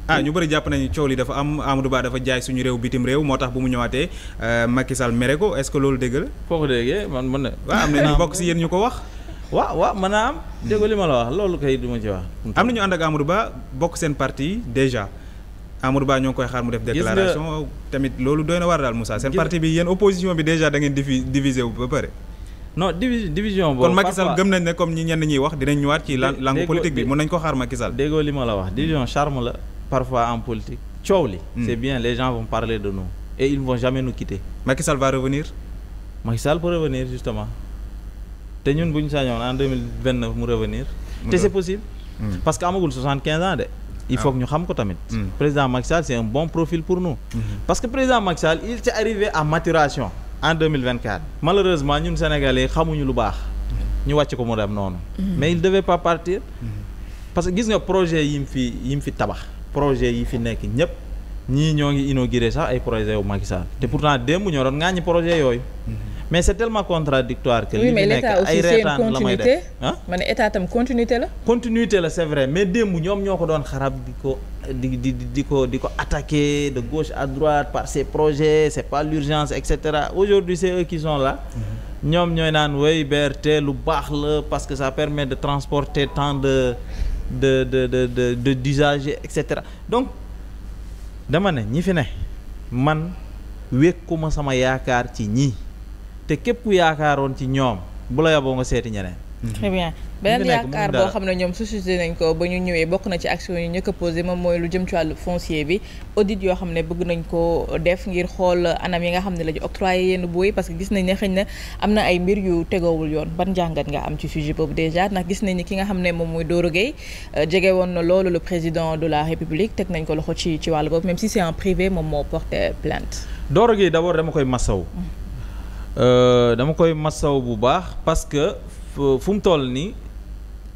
B: ah ñu bëri jàpp nañu coow li dafa am Amadou Ba dafa jaay suñu réew bitim réew moo tax bu mu ñëwaatee euh, Macky Sall mere ko est-ce que loolu dëgg la. foo ko déggee man man. waaw am si yéen ñu ko wax. waaw waaw man naa am déggoo li la wax loolu kay du ci wax. am na ñu ànd ak Amadou Ba bokk seen parti déjà Amadou Ba ñoo koy xaar mu def. déclaration tamit loolu doy na war daal Moussa seen parti bi yéen opposition bi déjà da ngeen divi divisé wu ba pare. non division boobu. kon Macky gëm nañ ne comme ñi ñenn ñiy wax dinañ ñëwaat ci. lan langue politique bi mën nañ ko xaar Macky déggoo li la wax division charme la parfois en politique coow li. Hmm. c'est bien les gens vont parler de nous et ils ne vont te ñun bu ñu sañoon en deux mille vingt neuf mu revenir te c'est possible mm. parce que amagul soixante quinze ans de il ah. faut ñu xam ko tamit mm. président Macky Sall c'est un bon profil pour nous mm-hmm. parce que président Macky Sall il s'est arrivé à maturation en 2024 malheureusement ñun sénégalais xamuñu lu baax mm-hmm. ñu wàcc ko mu dem noonu mm-hmm. mais il devait pas partir parce que gis nga projet yi mu fi yi mu fi tabax projet yi fi nekk ñépp ñii ñoo ngi inauguré sax ay projet yu Macky Sall te pourtant démb ñoo doon ŋàññi projet yooyu mais c'est tellement contradictoire que li fi nekk ay reetaan la may def ah
A: ma ne état tam continuité la
B: continuité la c'est vrai mais démb ñoom ñoo ko doon xarab di ko di di di ko di ko attaquer de gauche à droite par ces projets c'est pas l'urgence et cetera aujourd'hui c'est eux qui sont là ñoom ñooy naan way BRT lu baax la parce que ça permet de transporter tant de de de de de de d'usagers et cetera donc dama ne ñi fi ne man wékkuma sama yaakaar ci ñii te képp ku yaakaaroon ci ñoom bu la yaboo nga seeti ñeneen.
A: Mhm. très bien beneen yaakaar boo xam ne ñoom suscité nañ ko ba ñu ñëwee bokk na ci action yi ñu ko posé moom mooy lu jëm ci wàllu foncier bi audit yoo xam ne bëgg nañ ko def ngir xool anam yi nga xam ne la ñu octroyé yenn booy parce que gis nañ ne xëy na am na ay mbir yu tegoowul yoon ban jàngat nga am ci sujet boobu déjà ndax gis nañ ne ki nga xam ne moom mooy Doro euh, woon na loolu le de la République teg nañ ko loxo ci ci wàllu boobu même si c'est en privé moom moo porté plainte
B: Doro Gueye d'abord dama koy masaw mm. Euh, dama koy masaw bu baax parce que fu mu toll nii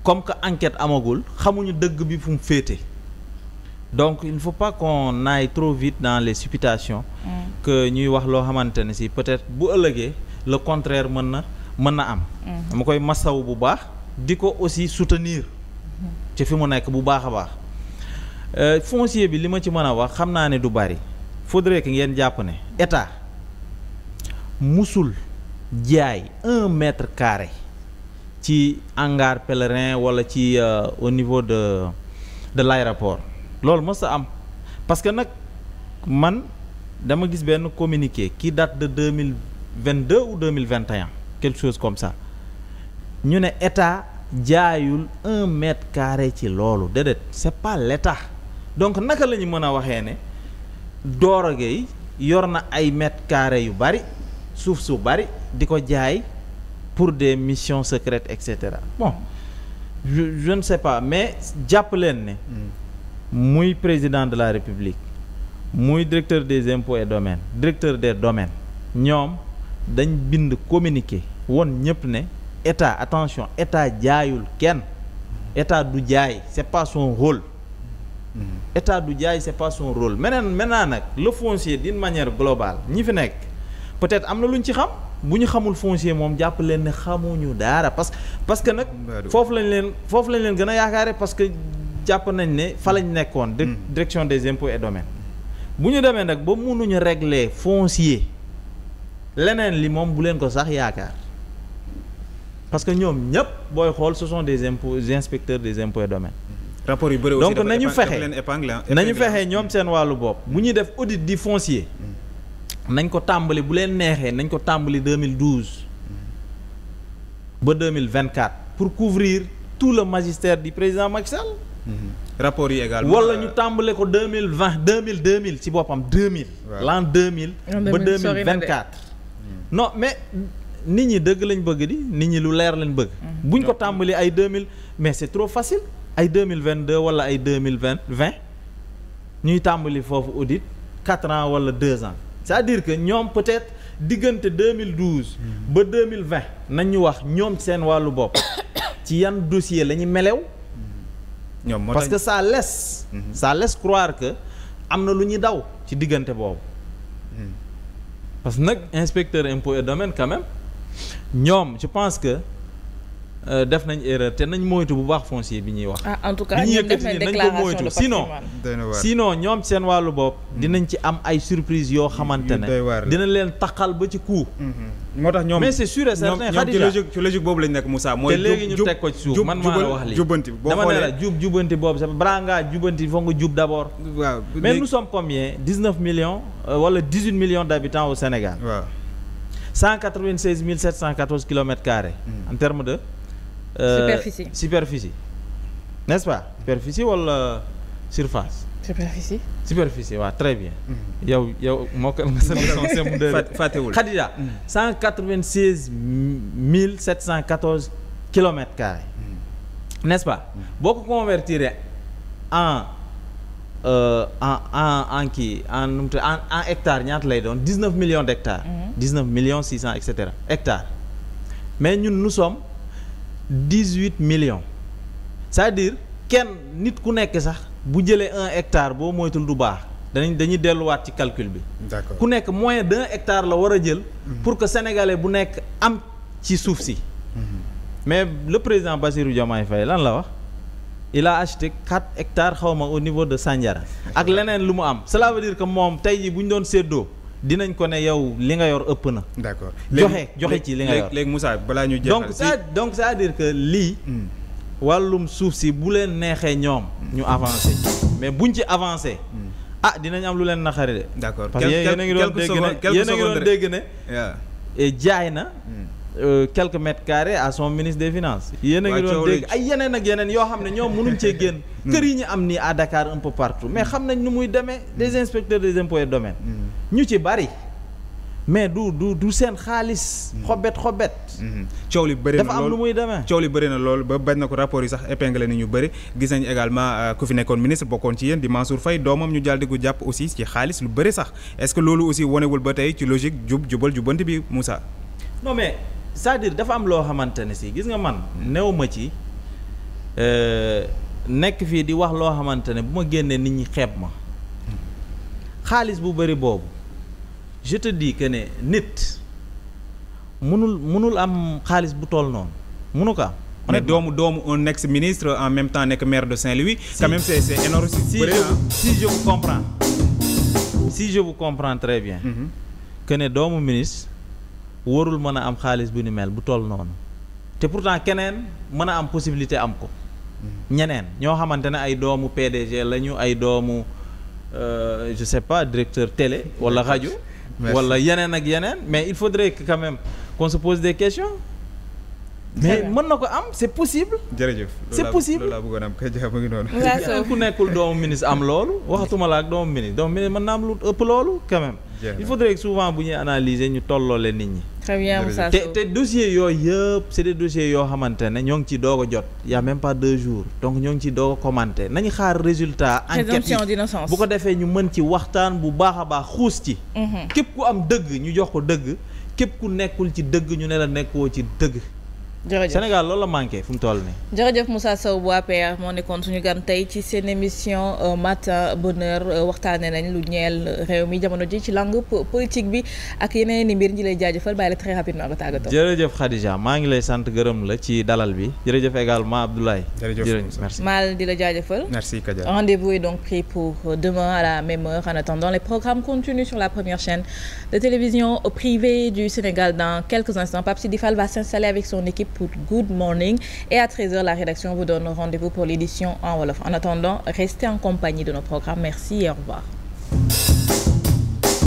B: comme que enquête amagul xamuñu dëgg bi fu féete donc il ne faut pas qu'on aille trop vite dans les supputations mm. ñuy wax loo xamante ne si peut-être bu ëllëgee la contraire mën na mën na am mm. dama koy masaw bu baax di ko aussi soutenir ci fi mu nekk bu baax a baax euh, foncier bi li ma ci mën a wax xam naa ne du bari faudrait que ngeen jàpp ne état musul jaay un mètre carré ci hangar pèlerin wala ci euh, au niveau de de l'aéroport loolu mës a am parce que nag man dama gis benn communiqué qui date de deux mille vingt deux ou deux mille vingt et un quelque chose comme ça ñu ne état jaayul un mètre carré ci loolu déedéet c'est pas l'état donc naka la ñu mën a waxee ne Doro Gaye yor na ay mètre carré yu bari suuf su bari di ko jaay pour des missions secrètes et cetera bon je, je sais pas mais jàpp leen ne muy président de la république muy directeur des impôts et domaines directeur des domaines ñoom dañ bind communiqué woon ñëpp ne état attention état jaayul kenn état du jaay c'est pas son rôle état du jaay c'est pas son rôle meneen maintenant nag le foncier d'une manière globale ñi fi nekk peut-être am na lu ñu ci xam bu ñu xamul foncier moom jàpp leen ne xamuñu dara parce parce que nag. foofu lañ leen foofu lañ leen gën a yaakaare parce que jàpp nañ ne fa lañ nekkoon. Mm. direction des impôts et domaines. bu ñu demee nag ba mënuñu régler foncier leneen li moom bu leen ko sax yaakaar parce que ñoom ñëpp booy xool ce sont des impôts inspecteurs des impôts et domaines. rapport yu bëri aussi na ñu fexe nañu fexe ñoom seen wàllu bopp bu ñuy def audit di foncier. Mm. nañ ko tàmbali bu leen neexee nañ ko tàmbali 2012 ba 2024 pour couvrir tout le magistère di président Macky Sall. rapport yi également wala ñu tàmbale ko 2020 2000 2000 ci boppam 2000. waaw l'an 2000. ba 2024. non mais nit ñi dëgg lañ bëgg di nit ñi lu leer lañ bëgg. buñ ko tàmbali ay 2000 mais c'est trop facile ay 2022 wala ay 2020 20 ñuy tàmbali foofu audit 4 ans wala 2 ans. ca à dire que ñoom peut-être diggante 2012. ba 2020 nañ ñu wax ñoom seen wàllu bopp ci yan dossier la ñu melew. ñoom moo parce que mhm. ça laisse. croire que am na lu ñuy daw ci diggante boobu. Mhm. parce que nag inspecteur impôt et domaine quand ñoom je pense que. Euh, def nañ erreur te nañ moytu bu baax foncier bi ñuy wax.
A: Ah, en tout cas ñu def nañ déclaration de patrimoine
B: sinon ñoom seen wàllu bopp. Hmm. dinañ ci am ay surprise yoo xamante ne. dina leen taqal ba ci coup. Hmm, hmm. moo tax ñoom mais c'est sûr et certain ci boobu lañ nekk Moussa mooy. léegi ñu teg ko ci suuf man maa la boo xoolee dama ne la jub jubbanti boobu sax balaa ngaa jubbanti foog nga jub d'abord. waaw mais nous sommes combien 19 millions euh, wala 18 millions d'habitants au Sénégal. waaw 196 714 kilomètres carrés en termes de Euh, superficie superficie n'est-ce superficie wala surface. superficie. superficie waaw très bien. Mm-hmm. yow yow mokkal nga solution simple de fàttewul Khadija. Mm-hmm. cent quatre vingt seize mille sept cent quatorze kilomètres carrés. Mm-hmm. n'est-ce pas. boo ko convertir en euh, en en en kii en nu mu tudd en en ñaata lay doon dix neuf millions d'hectares. dix neuf millions six cent et cetera hectares. mais ñun nous sommes. dix-huit millions c'est-à-dire kenn nit ku nekk sax bu jëlee en hectare boo moytul du baax danañ dañuy delluwaat ci calcul bi. d'accord ku nekk moyen d'un hectare la war a jël. Mhm. pour que sénégalais bu nekk am ci suuf si. Mhm. mais le président Bassirou Diomaye Faye lan la wax. il a acheté 4 hectares xaw ma au niveau de Sandiara ak leneen lu mu am cela veut dire que moom tey bu ñu doon séddoo dinañ ko ne yow li nga yor ëpp na. d'accord joxe joxe ci li nga yor léegi Moussa balaa ñu jeexal donc ça donc ça veut que lii. Hmm. wàllum suuf si bu leen neexee ñoom. ñu hmm. avancé mais buñ ci avancé. Hmm. ah dinañ am lu leen naxari de. d'accord parce que yéen a ngi doon dégg ne yéen a ngi doon dégg ne jaay na. Euh, quelques mètres carrés à son ministre des finance yéen a ngi doon dégg ay yeneen ak yeneen yoo xam ne ñoom mënuñ cee génn. Hmm. kër yi ñu am ni à Dakar un peu partout mais xam nañ nu muy demee des hmm. inspecteurs des impôts et domaines. Hmm. ñu ci bari. mais du du du seen xaalis. xobet xobet. coow li bëri na lool demee. coow li bëri na lool ba bañ na ko rapport yi sax épinglé ni ñu bëri gis nañu également euh, ku fi nekkoon ministre bokkoon ci yéen di Mansour Faye doomam ñu jaal di jàpp aussi ci xaalis lu bëri sax est-ce que loolu aussi wanewul ba tey ci logique jub jubal jubanti bi Moussa. c'est-à-dire dafa am loo xamante ne si gis nga man new ma ci euh, nekk fii di wax loo xamante ne bu ma génnee nit ñi xeeb ma xaalis bu bëri boobu je di dis que ne nit munul munul am xaalis bu toll noonu munu ko am mais doomu doomu un ex ministre en même temps nekk maire de Saint-Louis si. quand même c'est c'est si je, si je vous comprends si je vous comprends très bien mm doomu ministre warul mën a am xaalis bu ni mel bu toll noonu te pourtant keneen mën a am possibilité am ko ñeneen ñoo xamante ne ay doomu PDG lañu ay doomu euh, je sais pas directeur télé wala rajo wala yeneen ak yeneen mais il faudrait que quand même qu'on se pose des questions mais mën na ko am c'est possible. jërëjëf c'est possible loolu laa bëggoon ngi noonu. ku nekkul doomu ministre am loolu waxtuma la ak doomu ministre doomu ministre mën na am lu ëpp loolu quand même. il faudrait que souvent bu ñuy analyser ñu tolloole nit ñi.
A: très bien Moussa te
B: te dossiers yooyu yëpp c'est des dossiers yoo xamante ne ñoo ngi ciy doog a jot. y a même pas deux jours donc ñoo ngi ciy doo a nañu xaar résultat. enquête yi bu ko defee ñu mën ci waxtaan bu baax a baax xuus ci. Mhm. képp ku am dëgg ñu jox ko dëgg képp ku nekkul ci dëgg ñu ne la nekkoo ci dëgg jërëjëf Sénégal loolu la manqué fu mu toll ni
A: jërëjëf Moussa Sow bu APR moo nekkoon suñu gan tey ci seen émission euh, matin bonheur euh, waxtaanee nañ lu ñeel euh, réew mi jamono ji ci langue politique bi ak yeneen i mbir ñi lay jaajëfal bàyyi la très rapidement nga tàggatoo.
B: jërëjëf Khadija maa ngi lay sant gërëm la ci dalal bi jërëjëf également Abdoulaye. jërëjëf
A: di la jaajëfal. merci Khadija rendez-vous est donc pris pour demain à la même heure attendant les programmes continuent sur pour Good Morning et à 13h la rédaction vous donne rendez-vous pour l'édition en wolof en attendant restez en compagnie de nos programmes merci et au revoir